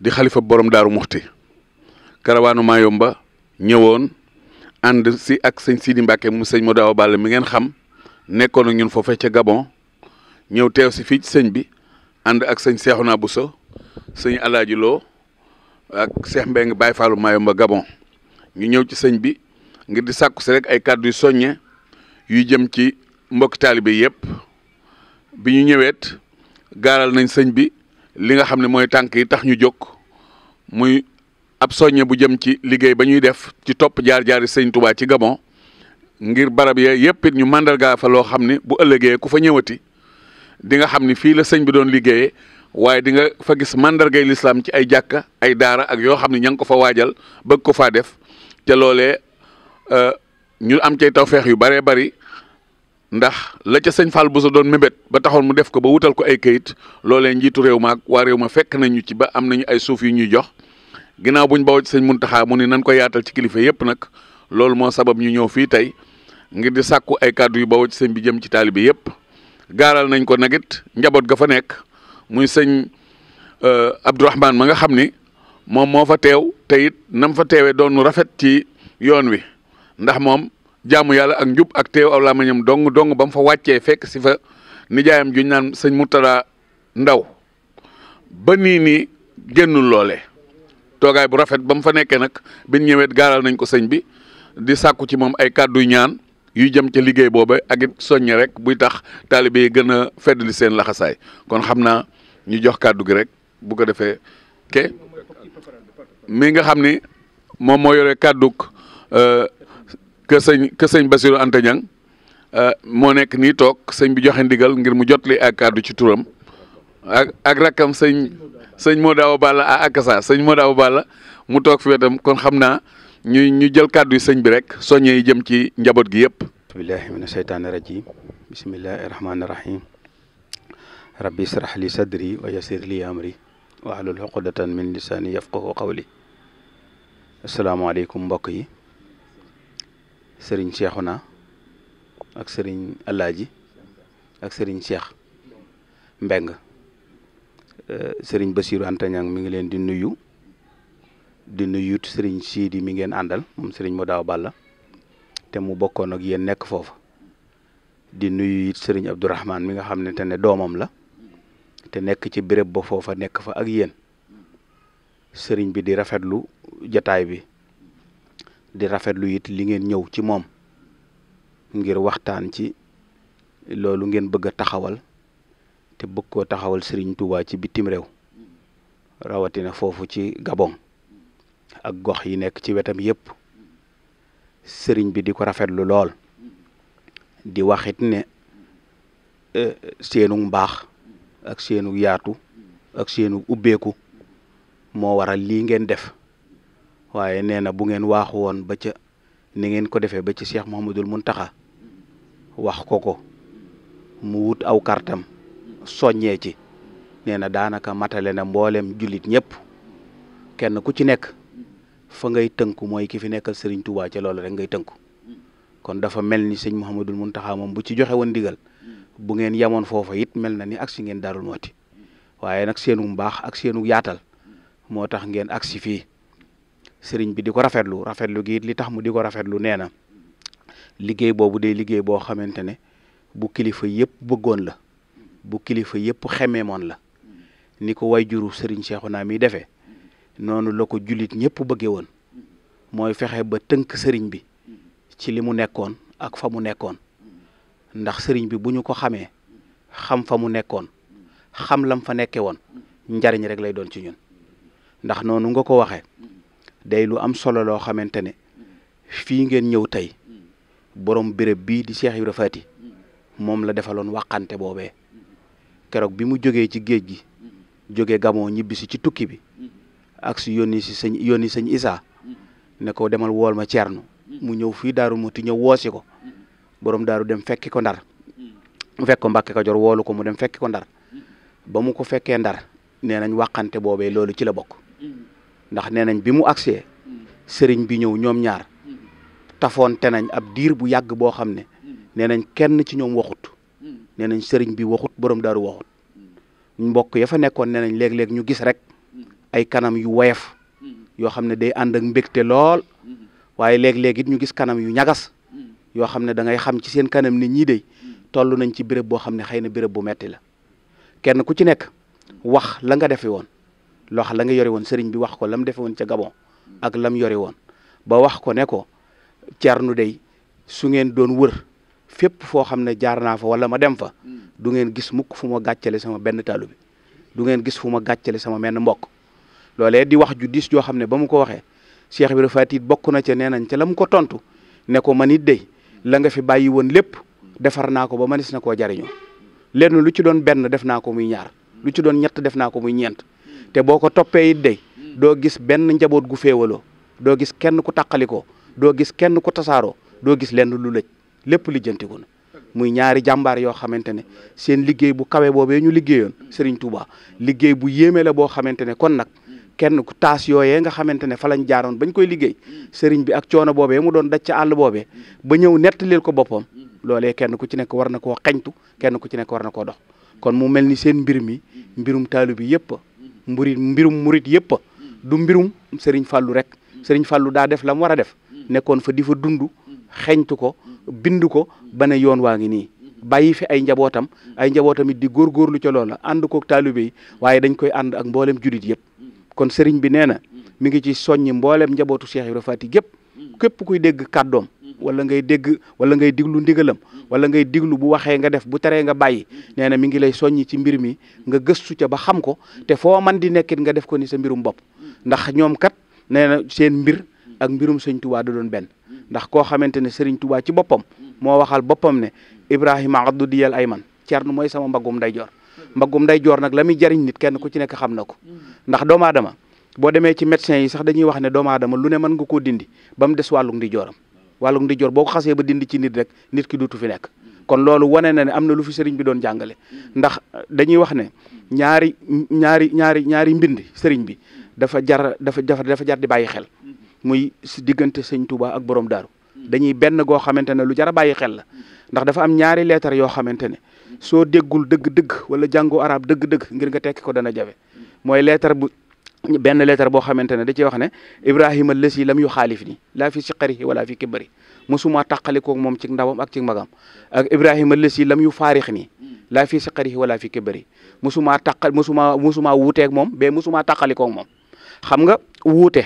di xalifa borom daaru muxti karawaanu Mayumba ñëwoon ànd si ak sëñ Sidi Mbacke mu sëñ Modou Awa Balla mi ngeen xam nekkoon ak ñun foofee ca Gabon ñëw teew si fii ci sëñ bi ànd ak sëñ Cheikhouna Bousso sëñ Alaaji Lo ak Cheikh Mbeng Baye Fallou Mayumba Gabon ñu ñëw ci sëñ bi ngir di sàkku si rek ay kàddu yu soññe yuy jëm ci mbokki taalibe yëpp bi ñu ñëweet gaaral nañ sëñ bi li nga xam ne mooy tànk yi tax ñu jóg muy ab soññe bu jëm ci liggéey ba ñuy def ci topp jaar-jaari sëñ Touba ci Gabon ngir barab ya yëpp ñu màndargaa fa loo xam ne bu ëllëgee ku fa ñëwati di nga xam ne fii la sëñ bi doon liggéeyee waaye di nga fa gis màndargay lislaam ci ay jàkka ay daara ak yoo xam ne ña ngi ko fa waajal bëgg ko faa def te loolee euh, ñu am cay feex yu baree bari ndax la ca sëñ Fall bu sa doon mébét ba taxoon mu def ko ba wutal ko ay kayit loolee njiitu réew ma waa réew ma fekk nañ ñu ci ba am nañu ay suuf yu ñuy jox ginnaaw buñ bawoo ci sëñ Muntaxa mu ni nan ko yaatal ci kilifa yépp nag loolu moo sabab ñu ñëw fii tey ngir di sàkku ay kàddu yu bawoo ci sëñ bi jëm ci taalibe yépp gaaral nañ ko nagit njaboot ga fa nekk muy sëñ euh, Abdourahman ma nga xam ni moom moo fa teew te it nam fa teewee doonu rafet ci yoon wi jaamu yàlla ak njub ak teew aw làmmiñam dong dong ba mu fa wàccee fekk si fa nijaayam juñ naan sëñ Murtada Ndaw ba nii nii génnul loole toogaay bu rafet ba mu fa nekkee nag biñ ñëwee gaaral nañ ko sëñ bi di sàkku ci moom ay kàddu ñaan yu jëm ca liggéey booba ak it soññe rek buy tax taalibe yi gën a feddali seen laxasaay kon xam naa ñu jox kàddu gi rek bu ko defee ke mi nga xam ni moom moo yore kàdduk euh, kër sëñ kër sëñ euh, moo nekk nii toog sëñ bi joxe ndigal ngir mu jot jotli ak kàddu ci tuuram ak ak rakkam sëñ sëñ moo daaw a akasa sëñ moo daaw balla mu toog fi wetam kon xam na ñu ñu jël kàddu sëñ bi rek soññee yi jëm ci njaboot gi yëpp billahi mina sheytaani rajim bismillahi rahmaani rahim rabbi israh li sadri wa yasir li amri wahlul uqdatan min lisaani yafqahu qawli asalaamaaleykum mbokk yi sëriñ Cheikhouna ak sëriñ Alaaji ak sëriñ Cheikh Mbeng euh, sëriñ Basiiru Anta Ñaŋ mi ngi leen di nuyu di nuyut sëriñ Siidi mi ngeen àndal moom sëriñ daaw Balla te mu bokkoon ak yéen nekk foofu di nuyu it sëriñ Abdourahman mi nga xam ne te doomam la te nekk ci béréb ba foofa nekk fa ak yéen sëriñ bi di rafetlu jataay bi di rafetlu it li ngeen ñëw ci moom ngir waxtaan ci loolu ngeen bëgg a taxawal te bëgg koo taxawal Serigne Touba ci bitim réew rawatina foofu ci Gabon ak gox yi nekk ci wetam yépp Serigne bi di ko rafetlu lool di waxit ne e, seenu mbaax ak seenu yaatu ak seenu ubbeeku moo waral lii ngeen def waaye nee na bu ngeen waaxu woon ba ca ni ngeen ko defee ba ci Cheikh Mouhamadul Muntaxa wax ko ko mu wut aw kartam soññee ci nee na daanaka matale na mboolem jullit ñëpp kenn ku ci nekk fa ngay tënku mooy ki fi nekkal Serigne Touba ca loolu rek ngay tënku kon dafa mel ni sëñ mun Muntaxa moom bu ci joxe woon ndigal bu ngeen yemoon foofa it mel na ni agsi ngeen Daarul mooti waaye nag seenu mbaax ak seenu yaatal moo tax ngeen agsi fii sëriñ bi di ko rafetlu rafetlu gi li tax mu di ko rafetlu nee na liggéey boobu dee liggéey boo xamante ne bu kilifa yëpp bëggoon la bu kilifa yëpp xemeemoon la ni ko way juru sëriñ naa mi defee noonu la ko jullit ñëpp bëggee woon mooy fexe ba tënk sëriñ bi ci li mu nekkoon ak fa mu nekkoon ndax sëriñ bi bu ñu ko xamee xam fa mu nekkoon xam lam fa nekke woon njariñ rek lay doon ci ñun ndax noonu nga ko waxee day lu am solo loo xamante ne fii ngeen ñëw tey borom béréb bii di Cheikh Ibra Faty moom la defaloon waxante boobee keroog bi mu jógee ci géej gi jóge gamoo ñibbisi ci tukki bi ak si yónni si sëñ yónni sëñ Isaa ne ko demal wool ma Ceerno mu ñëw fii Daaru Muti ñëw woosi ko borom daaru dem fekki ko Ndar mu fekk ko Mbàkke Kajoor woolu ko mu dem fekki ko Ndar ba mu ko fekkee Ndar nee nañ waxante boobee loolu ci la bokk ndax nee nañ bi mu agsee sëriñ bi ñëw ñoom ñaar tafoonte nañ ab diir bu yàgg boo xam ne nee nañ kenn ci ñoom waxut nee nañ sëriñ bi waxut borom daaru waxut mbokk ya fa nekkoon nee nañ léeg-léeg ñu gis rek ay kanam yu woyof yoo xam ne day ànd ak mbégte lool waaye léeg-léeg ñu gis kanam yu ñagas yoo xam ne dangay xam ci seen kanam ne ñii de toll nañ ci béréb boo xam ne xëy na béréb bu metti la kenn ku ci nekk wax la nga defe woon loo xam la nga yore woon sëriñ bi wax ko lam defewoon woon ca Gabon ak lam yore woon ba wax ko ne ko Cernu dey su ngeen doon wër fépp foo xam ne jaar naa fa wala ma dem fa du ngeen gis mukk fu ma gàccale sama benn taalu bi du ngeen gis fu ma gàccale sama menn mbokk loolee di wax ju diis joo xam ne ba mu ko waxee Cheikh Ibrahima Faty bokk na ca nee nañ ca la mu ko tontu ne ko man it dey la nga fi bàyyi woon lépp defar naa ko ba manis na koo jariñoo lenn lu ci doon benn def naa ko muy ñaar lu ci doon ñett def naa ko muy ñeent te boo ko toppee it day doo gis benn njaboot gu féewaloo doo gis kenn ku taqalikoo doo gis kenn ku tasaaroo doo gis lenn lu lëj lépp lijjantiku na muy ñaari jàmbaar yoo xamante ne seen liggéey bu kawe boobee ñu liggéeyoon Serigne Touba liggéey bu yéeme la boo xamante ne kon nag kenn ku taas yooyee nga xamante ne fa lañ jaaroon bañ koy liggéey Serigne bi ak coono boobee mu doon daj ca àll boobee ba ñëw nettalil ko boppam loolee kenn ku ci nekk war na koo xañtu kenn ku ci nekk war na koo dox kon mu mel ni seen mbir mi mbirum taalu bi yëpp mburi mbirum murit yëpp mm. du mbirum sëriñ fàllu rek mm. sëriñ fàllu daa def la mu war a def mm. nekkoon fa di fa dund xeñtu ko bind ko ba ne yoon waa ngi nii bàyyi fi ay njabootam ay njabootam it di góorgóorlu ca loola ànd koog taalibe yi waaye dañ koy ànd ak mboolem julit yëpp kon sëriñ bi nee na mi ngi ci soññi mboolem njabootu Cheikh Ibra Faty gépp képp kuy dégg kàddoom wala ngay dégg wala ngay diglu ndigalam wala ngay diglu bu waxee nga def bu teree nga bàyyi nee na mi ngi lay soññi ci mbir mi nga gëstu ca ba xam ko te foo man di nekkit nga def ko ni sa mbirum bopp ndax ñoom kat nee na seen mbir ak mbirum sëñ tubaa da doon benn ndax koo xamante ne sëriñ tubaa ci boppam moo waxal boppam ne ibrahima du diyal ay man cernu mooy sama mbaggum nday joor mbaggum nday joor nag la muy jariñ nit kenn ku ci nekk xam na ko ndax doomu aadama boo demee ci médecin yi sax dañuy wax ne doomu aadama lu ne mën nga koo dindi ba mu des wàllu ndi wàllu ndijoor boo xasee ba dindi ci nit rek nit ki duutu fi nekk kon loolu wane na ne am na lu fi sëriñ bi doon jàngale ndax dañuy wax ne ñaari ñaari ñaari ñaari mbind sëriñ bi dafa jar dafa dafa jar di bàyyi xel muy si diggante sëñ Touba ak borom daaru dañuy benn goo xamante ne lu jar a bàyyi xel la ndax dafa am ñaari leetar yoo xamante ne soo déggul dëgg-dëgg wala jàngoo arab dëgg-dëgg ngir nga tekki ko dana jawe mooy leetar benn lettre boo xamante ne da ci wax ne ibrahima lësi lam yu xaalif ni laa fi siqarihi wala fi kibari mosuma tàqalikoog moom ci ndawam ak ci magam ak ibrahima lësi lam yu faarix nii laa fi siqarihi wala fi kibari mosuma tàqa mosuma mosuma wuuteeg moom ba mosuma tàqalikoog moom xam nga wuute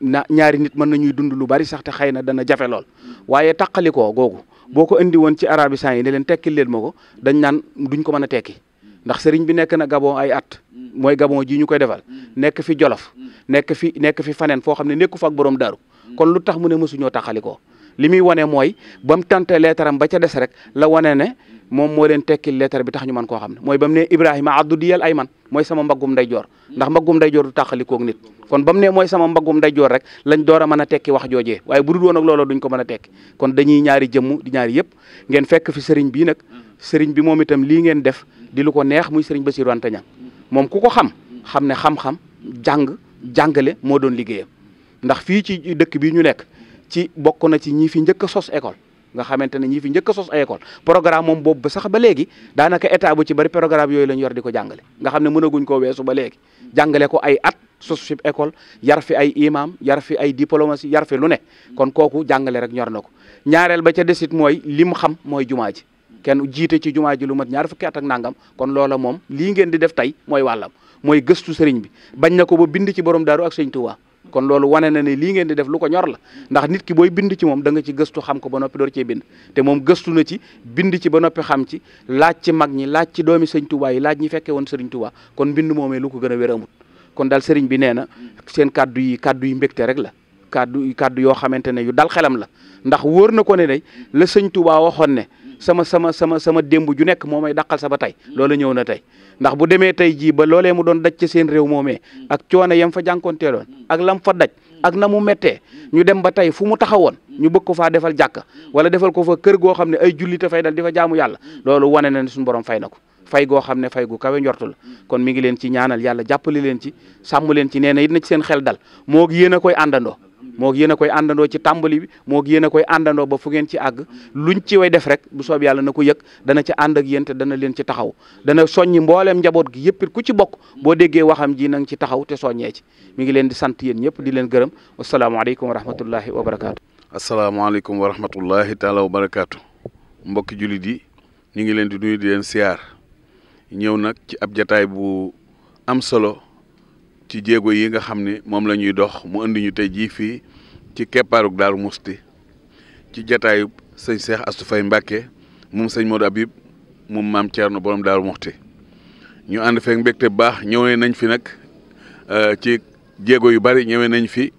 na ñaari nit mën nañuy dund lu bari sax te xëy na dana jafe lool waaye tàqalikoo googu boo ko indi woon ci arabisan yi ne leen tekkil leen ma ko dañ naan duñ ko mën a tekki ndax sëriñ bi nekk na Gabon ay at mm. mooy Gabon ji ñu koy defal mm. nekk fi Jolof mm. nekk fi nekk fi faneen foo xam ne nekku fa ak borom daaru kon lu tax mu ne mësuñoo taxalikoo li muy wane mooy ba mu tante leetaram ba ca des rek la wane ne moom moo leen tekkil leetar bi tax ñu mën koo xam ne mooy ba mu ne Ibrahima addu diyal ay man mooy sama mbagum nday joor ndax mbagum nday joor du tàqalikoog nit kon ba mu ne mooy sama mbagum nday joor rek lañ door a mën a tekki wax jooje waaye bu dul woon ak ko mën a tekki kon dañuy ñaari jëmm di yëpp ngeen fi sëriñ bii nag sëriñ bi moom itam lii ngeen def di lu ko neex muy sëriñ Bassirou Anta Niang moom ku ko xam xam ne xam-xam jàng jàngale moo doon liggéeyam ndax fii ci dëkk bi ñu nekk ci bokk na ci ñi fi njëkk a sos école nga xamante ne ñi fi njëkk a sos ay école programme moom boobu ba sax ba léegi daanaka état bu ci bari programme yooyu lañ yor di ko jàngale nga xam ne mën guñ ko weesu ba léegi jàngale ko ay at sos fi école yar fi ay imam yar fi ay diplomatie yar fi lu ne kon kooku jàngale rek ñor na ko ñaareel ba ca desit mooy lim xam mooy jumaa ji kenn jiite ci jumaa ji lu mat ñaar fukki at ak nangam kon loola moom lii ngeen di def tey mooy wàllam mooy gëstu sëriñ bi bañ na ko ba bind ci borom daaru ak sëñ Tuubaa kon loolu wane na ne lii ngeen di def lu ko ñor la ndax nit ki booy bind ci moom da nga ci gëstu xam ko ba noppi door cee bind te moom gëstu na ci bind ci ba noppi xam ci laaj ci mag ñi laaj ci doomi sëñ Tuubaa yi laaj ñi fekkee woon sëriñ Tuubaa kon bind moomee lu ko gën a wér amut kon daal bi nee seen kàddu yi kàddu yi mbégte rek la kàddu kàddu yoo xamante ne yu dal la ndax wóor na ko ne day la sëñ Tuubaa waxoon ne sama sama sama sama démb ju nekk moo may daqal sa ba tey loola ñëw na tey ndax bu demee tey jii ba loolee mu doon daj ci seen réew moome ak coono yam fa jànkoonteeloon ak lam fa daj ak na mu méttee ñu dem ba tey fu mu taxawoon ñu bëgg ko faa defal jàkka wala defal ko fa kër goo xam ne ay jullite fay dal di fa jaamu yàlla loolu wane na ne suñu borom fay na ko fay goo xam ne fay gu kawe njortu la kon mi ngi leen ci ñaanal yàlla jàppale leen ci sàmm leen ci nee na it na seen xel dal moo yéen a koy àndandoo moo yéen a koy àndandoo ci tàmbali bi moo yéen a koy àndandoo ba fu ngeen ci àgg luñ ci way def rek bu soob yàlla na ko yëg dana ci ànd ak yéen te dana leen ci taxaw dana soññi mbooleem njaboot gi yëpp ku ci bokk boo déggee waxam ji na nga ci taxaw te soññee ci mi ngi leen di sant yéen ñëpp di leen gërëm wasalaamaaleykum wa rahmatullahi wa barakaatu asalaamaaleykum wa rahmatullahi taala wa barakaatu mbokki jullit yi ñu ngi leen di nuyu di leen siyaar ñëw nag ci ab jataay bu am solo ci jéego yi nga xam ne moom la ñuy dox mu indi ñu tey jii fii ci keppaarug daal Musti ci jataayub sëñ Seex Astu Fay Mbàkke moom sëñ Modou Habib moom maam Thierno borom daal Musti ñu ànd feek mbégte bu baax ñëwee nañ fi nag euh, ci jéego yu bari ñëwee nañ fi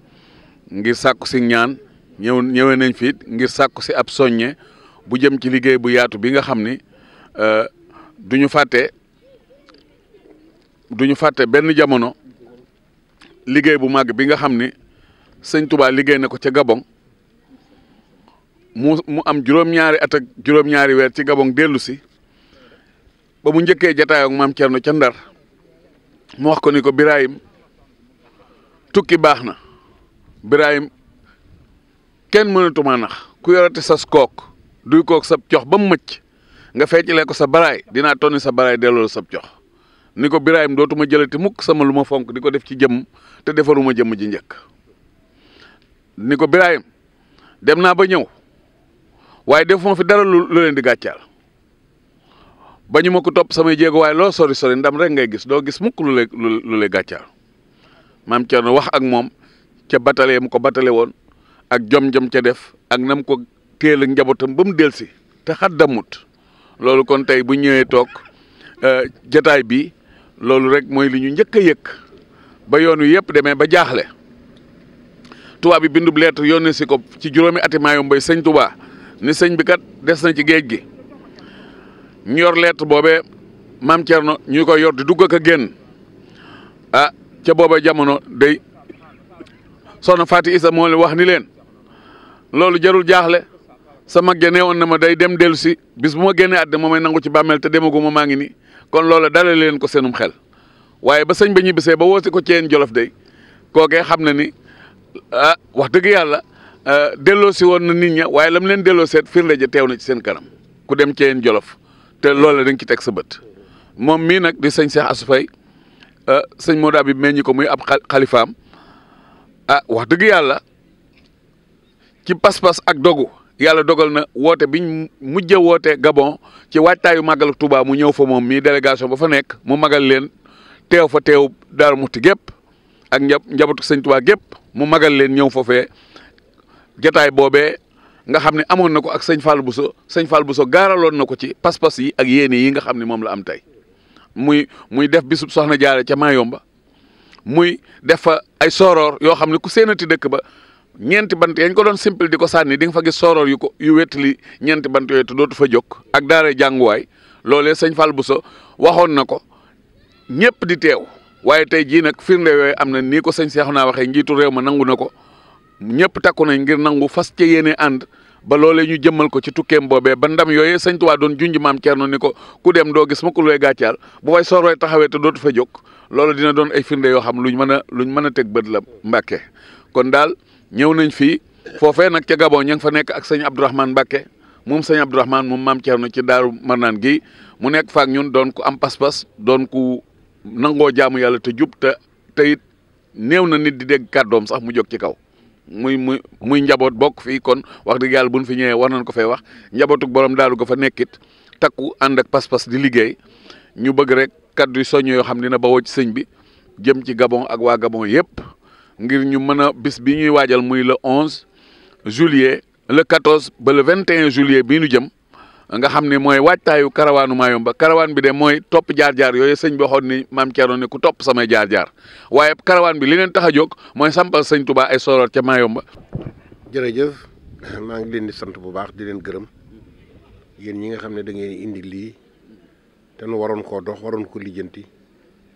ngir sàkku si ñaan ñëw ñëwee nañ fi ngir sàkku si ab soññe bu jëm ci liggéey bu yaatu bi nga xam ni euh, duñu fàtte duñu fàtte benn jamono liggéey bu màgg bi nga xam ni sëñ Touba liggéey na ko ca Gabon mu mu am juróom-ñaari at juróom-ñaari weer ci Gabon dellu si ba mu njëkkee jataayoo ak maam Thierno ca Ndar mu wax ko ni ko Birahim tukki baax na Birahim kenn mënatuma nax ku yorati sas kook duy kook sab cox ba mu mëcc nga feccilee ko sa baraay dinaa tonni sa baraay delloo sab jox ni ko biraayim dootuma jëlati mukk sama lu ma fonk di ko def ci jëm te defaruma jëmm ji njëkk ni ko biraayam dem naa ba ñëw waaye defuma fi dara lu leen di gàccaal ba ñu ma ko topp samay jéego waaye loo sori sori ndam rek ngay gis doo gis mukk lu lay lu lay gàccaal maam Thierno wax ak moom ca batale mu ko batale woon ak jom-jom ca def ak nam ko teel njabootam ba mu delsi te xat damut loolu kon tey bu ñëwee toog euh, jataay bi loolu rek mooy li ñu njëkk a yëkk ba yoon wi yëpp demee ba jaaxle tubaab bi bindub lettre yónnee si ko ci juróomi ati maayom bay sëñ tubaa ni sëñ bi kat des na ci géej gi ñu yor lettre boobee maam Thierno ñu koy yor di dugg ak génn a ah, ca booba jamono day soxna Faati Isa moo leen wax ni leen loolu jarul jaaxle sama genne ja woon na ma day dem dellu si bis bu ma génnee àddina moo may nangu ci bàmmeel te demaguma maa ngi nii kon loola dale leen ko seenum xel waaye ba sëñ ba ñibbisee ba woote ko ceen jolof day kookee xam na ni ah wax dëgg yàlla ah, delloo si woon na nit ña waaye la mu leen delloo seet firnde ja teew na ci seen kanam ku dem ceen jolof te loolu dañ ci teg sa bët moom mii nag di sëñ Cheikh Assou Faye ah, sëñ Modou Habib meññi ko muy ab xalifaam a ah, wax dëgg yàlla ci pas-pas ak dogu yàlla dogal na woote biñ mujj woote Gabon ci waajtaayu màggalu Touba mu ñëw fa moom mii délégation ba fa nekk mu magal leen teew fa teew Daaru Muxti gépp ak njabootu sëñ gépp mu magal leen ñëw foofe jataay boobe nga xam ne amoon na ko ak sëñ Fall Bousso sëñ Fall Bousso gaaraloon na ko ci pas-pas yi ak yéene yi nga xam ne moom la am tey muy muy def bisub soxna jaare ca yomba muy def fa ay sooroor yoo xam ne ku séenati dëkk ba ñeenti bant yañ ko doon simple di ko sànni di nga fa gis sooroor yu ko yu wettali ñeenti bant yooyu te dootu fa jóg ak daara jànguwaay loolee sëñ Fall waxoon na ko ñëpp di teew waaye tey jii nag firnde yooyu am na nii ko sëñ naa waxee njiitu réew ma nangu na ko ñëpp takku nañ ngir nangu fas ca yéene ànd ba loole ñu jëmmal ko ci tukkee mboobee ba ndam yooyu sëñ waa doon junj maam Cerno ni ko ku dem doo gis ma ku lay gàccaal bu fay soorooy taxawee te dootu fa jóg loolu dina doon ay firnde yoo xam luñ mën a luñ mën a teg bët la Mbàkke kon daal ñëw nañ fii foofee nag ca Gabon ña nga fa nekk ak sëñ Abdourahmane Mbàkke moom sëñ Abdourahmane moom maam Cerno ci daaru Marnaan gi mu nekk faak ñun doon ku am pas doon ku nangoo jaamu yàlla te jub te teyit néew na nit di dégg kàddoom sax mu jóg ci kaw muy muy muy njaboot bokk fii kon wax dëgg yàlla bun fi ñëwee war nañ ko fay wax njabootuk borom daalu ko fa nekkit takku ànd ak pas-pas di liggéey ñu bëgg rek kaddu yu soññ yoo xam dina bawoo ci sëñ bi jëm ci Gabon ak waa Gabon yëpp ngir ñu mën a bis bi ñuy waajal muy le 11 juillet le 14 ba le 21 juillet bii ñu jëm nga xam ne mooy waajtaayu karawaanu Mayumba karawaan bi de mooy topp jaar-jaar yooyu sëñ bi waxoon ni maam Thierno ne ku topp samay jaar-jaar waaye karawaan bi li leen tax a jóg mooy sampal sëñ Touba ay soroor ca Mayumba. jërëjëf maa ngi leen di sant bu baax di leen gërëm yéen ñi nga xam ne da ngeen indi lii te waroon ko dox waroon ko lijjanti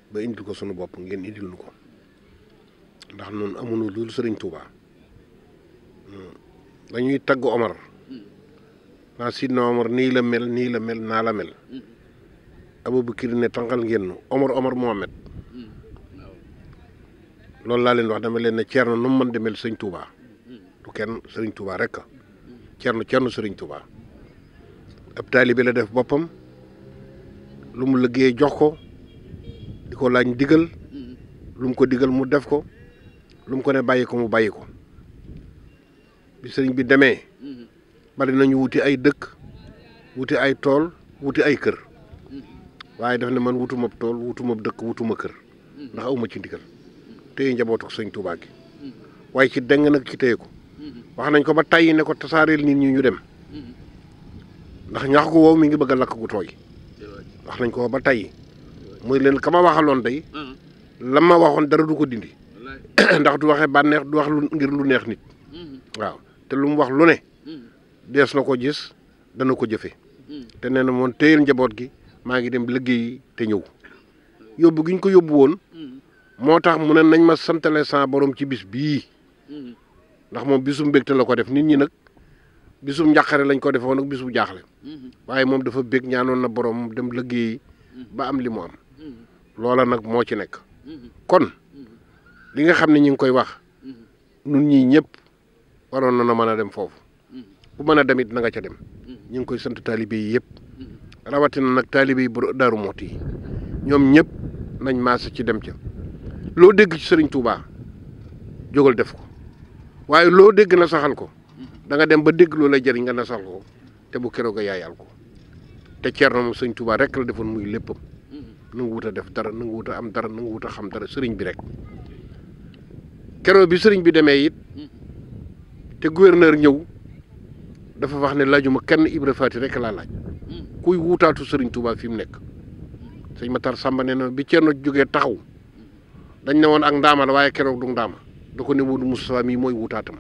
ba indi ko sunu bopp ngeen indil nu ko ndax noonu amu lu dul sëriñ Touba hmm. dañuy tagg Omar. naa sidna Omar nii la mel nii la mel naa la mel Abubakar ne tànqal ngeen nu Omar Omar Mohamed loolu laa leen wax dama leen ne Thierno nu mu mën di mel sëñ Touba du kenn sëriñ Touba rek ah Thierno sëriñ Touba ab taalibe la def boppam lu mu liggéey jox ko di ko laaj digal lu mu ko digal mu def ko lu mu ko ne bàyyi ko mu bàyyi ko bi sëriñ bi demee. bari nañu wuti ay dëkk wuti ay tool wuti ay kër waaye daf ne man wutuma tool wutuma dëkk wutuma kër ndax awma ci ndigal téye njabootu sëñ Tuubaa waaye ci deng nag ci téye ko wax nañ ko ba tàyyi ne ko tasaareel nit ñi ñu dem ndax ñax gu wow mi ngi bëgg a lakk gu wax nañ ko ba tàyyi muy leen ka ma waxaloon day la ma waxoon dara du ko dindi ndax du waxee bànneex du wax ngir lu neex nit mm-hmm. waaw te lu mu wax lu ne dees na ko gis dana ko jëfe te nee na moom téyel njaboot gi maa ngi dem liggéey te ñëw yóbbu gi ñu ko yóbbu woon moo tax mu ne nañ ma santale sa boroom ci bis bii ndax moom bisum mbégte la ko def nit ñi nag bisum njàqare lañ ko defoon ak bisum jaaxle waaye moom dafa bég ñaanoon na boroom dem liggéey ba am li mu am loola nag moo ci nekk kon li nga xam ne ñu ngi koy wax nun ñi ñëpp waroon na na mën a dem foofu ku mën a demit na nga ca dem mm-hmm. ñu ngi koy sant taalibe yi yëpp rawatina nag taalibe yi bu Daaru Muxti yi ñoom ñëpp nañ maas ci dem ca loo dégg ci Sëriñ Tuubaa jógal def ko waaye loo dégg na saxal ko mm-hmm. danga dem ba dégg loo lay jëriñ nga na saxal ko te bu keroog a yaayal ko te Ceerno moom Sëriñ Tuubaa rek la defoon muy léppam mm-hmm. na nga a def dara na a am dara nanguwut a xam dara sëriñ bi rek keroog bi sëriñ bi demee it te gouverneur ñëw dafa wax ne laajuma kenn Ibra Faati rek laa laaj hmm. kuy wuutaatu sëriñ Touba fi mu nekk sëñ Matar Samba nee na bi Thierno jógee taxaw dañ ne woon ak ndaama la waaye keroog du ndaama da ko ne Modou Moustapha mii mooy wuutaatam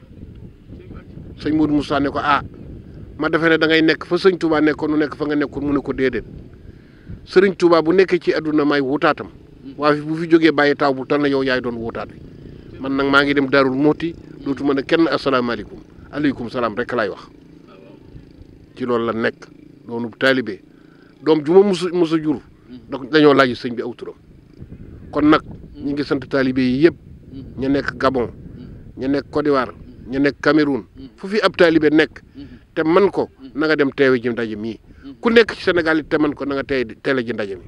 sëñ Modou Moustapha ne ko ah ma defee da ngay nekk fa sëñ Touba nekkoon nu nekk fa nga nekkoon mu ne ko déedéet sëriñ Touba bu nekkee ci àdduna may wuutaatam hmm. waaye bu fi jógee bàyyi taw bu tal na yow yaay doon wuutaat bi man nag maa ngi dem Darou Mouhty dootuma ne kenn asalaamaaleykum aleykum salaam rek laay wax. ci loolu la nekk doonu taalibe doom ju ma mus a mus a dañoo laaj sëñ bi aw turam kon nag ñu ngi sant taalibe yi yëpp ñu nekk Gabon ñu nekk Côte d'Ivoire ñu nekk Cameroun fu fi ab taalibe nekk te man ko na nga dem teewe ji ndaje mii ku nekk ci Sénégal it te man ko na nga teey teele ji ndaje mi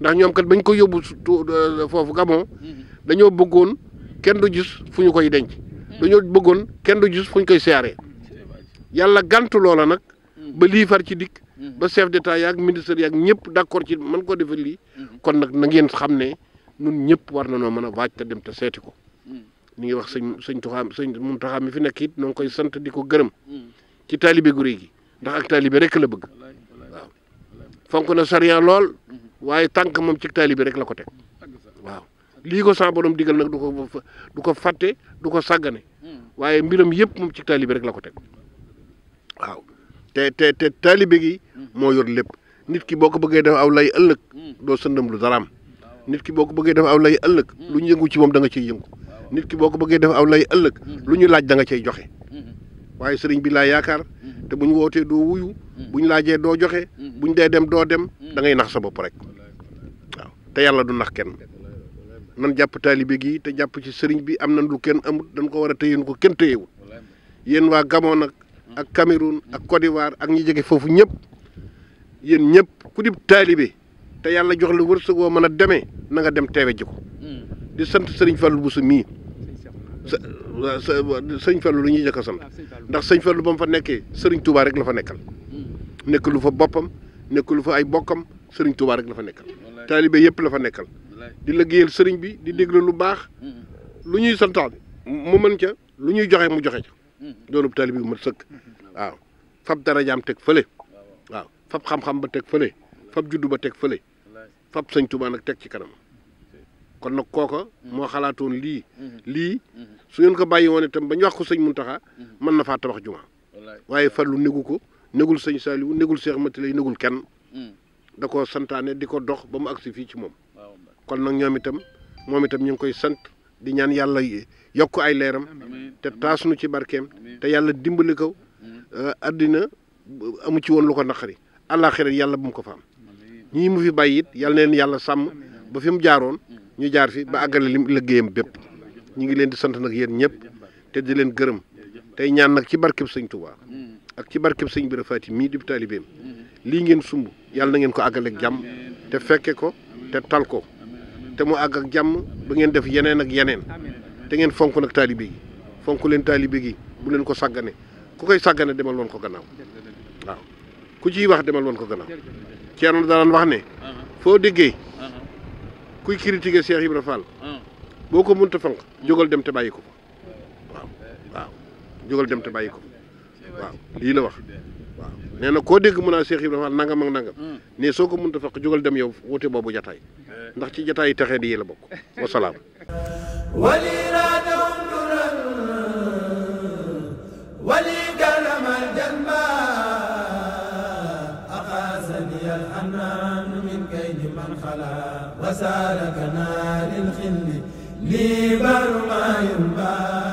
ndax ñoom kat bañ ko yóbbu euh, foofu Gabon dañoo bëggoon kenn du gis fu ñu koy denc dañoo bëggoon kenn du gis fu ñu koy siyaaree yàlla gantu loola nag ba lii far ci dikk. Mm-hmm. ba chef d'état yaag ministre yaag ñëpp d'accord ci mën ko defal lii. Mm-hmm. kon nag na ngeen xam ne ñun ñëpp war na noo mën a waaj te dem te seeti ko. Mm-hmm. ñu ngi wax sëñ sëñ Tuxaam sëñ Muntaxa mi fi nekk it ñoo koy santa di ko gërëm. ci taalibe gu réy gi ndax ak taalibe rek la bëgg. waaw fonk na sariya lool. waaye tànk moom ci taalibe rek la ko teg. waaw lii ko sa borom digal nag du ko du ko fàtte du ko saggane waaye mbiram yëpp moom ci taalibe rek la ko teg te te te taalibe gi mhm. moo yor lépp nit ki boo ko bëggee def aw lay ëllëg mhm. doo sëndam lu daraam nit ki boo ko bëggee def aw lay ëllëg mhm. lu ñu yëngu ci moom danga ciy yëngu nit ki boo ko bëggee def aw lay ëllëg lu ñu laaj danga nga cay joxe waaye sëriñ bi laa yaakaar te bu ñu wootee doo wuyu bu ñu laajee doo joxe bu ñu dee dem doo dem dangay nax sa bopp rek te yàlla du nax kenn nan jàpp taalibe gi te jàpp ci sëriñ bi am nan lu kenn amul dañ ko war a téyeen ko kenn téyewul yéen waa Gabon nag ak Cameroun ak Côte d'Ivoire ak ñi jege foofu ñëpp yéen ñëpp ku di taalibe te yàlla jox la wërsëg woo mën a demee na nga dem teewe ji ko mm. di sant sëriñ Fallou Bousso mii sa sëñ Fallou lu ñuy jëkk a sant ah, ndax sëñ Fallou ba mu fa nekkee sëriñ Touba rek la fa nekkal mm. nekkalu fa boppam nekk fa ay bokkam sëriñ Touba rek la fa nekkal taalibe yëpp la fa nekkal di liggéeyal sëriñ bi di déglu lu baax mm. lu ñuy santaat mu mën ca lu ñuy joxe mu joxe doonub taalibe bu mat sëkk waaw fab darajaam teg fële waaw fab xam-xam ba teg fële fab juddu ba teg fële fab sëñ Tuubaa nag teg ci kanam kon nag kooka moo xalaatoon lii lii su ngeen ko bàyyi woon itam ba ñu wax ko sëñ Muntaxa mën na faa tabax juma waaye farlu négu ko négul sëñ Saliou négul Seex Mati lay négul kenn da ko santaane di ko dox ba mu agsi fii ci moom kon nag ñoom itam moom itam ñu ngi koy sant di ñaan yàlla yokk ay leeram te taas nu ci barkeem te yàlla dimbali ko mm. eh, àddina amu ci woon lu ko naqari àllaaxira yàlla bu mu ko fa am ñii mu fi bàyyi it yàlla leen yàlla sàmm ba fi mu jaaroon mm. ñu jaar fi ba àggale lim liggéeyam bépp ñu ngi leen di sant nag yéen ñëpp te di leen gërëm te ñaan nag ci barkeb sëñ Touba mm. ak ci barkeb sëñ Bira Faati mii di taalibeem lii ngeen sumb yàlla na ngeen ko àggaleeg jàmm te fekke ko te tal ko te mu àgg ak jàmm ba ngeen def yeneen ak yeneen te ngeen fonk nag taalibe gi fonk leen taalibe gi bu leen ko sàggane ku koy sàggane demal woon ko gannaaw ku ciy wax demal woon ko gannaaw Thierno daan wax ne foo déggee kuy critiquer Cheikh Ibra Fall boo ko mënta fonk jógal dem te bàyyi ko waaw waaw jógal dem te bàyyi ko waaw lii la wax waaw nee na koo dégg mu naa Cheikh Ibrahima nangam ak nangam mm. nii soo ko mënta fekk jógal dem yow wuti boobu jataay eh. ndax ci jataay te texee yi la bokk wasalaam وسالك نار الخل لي بر ما ينبغي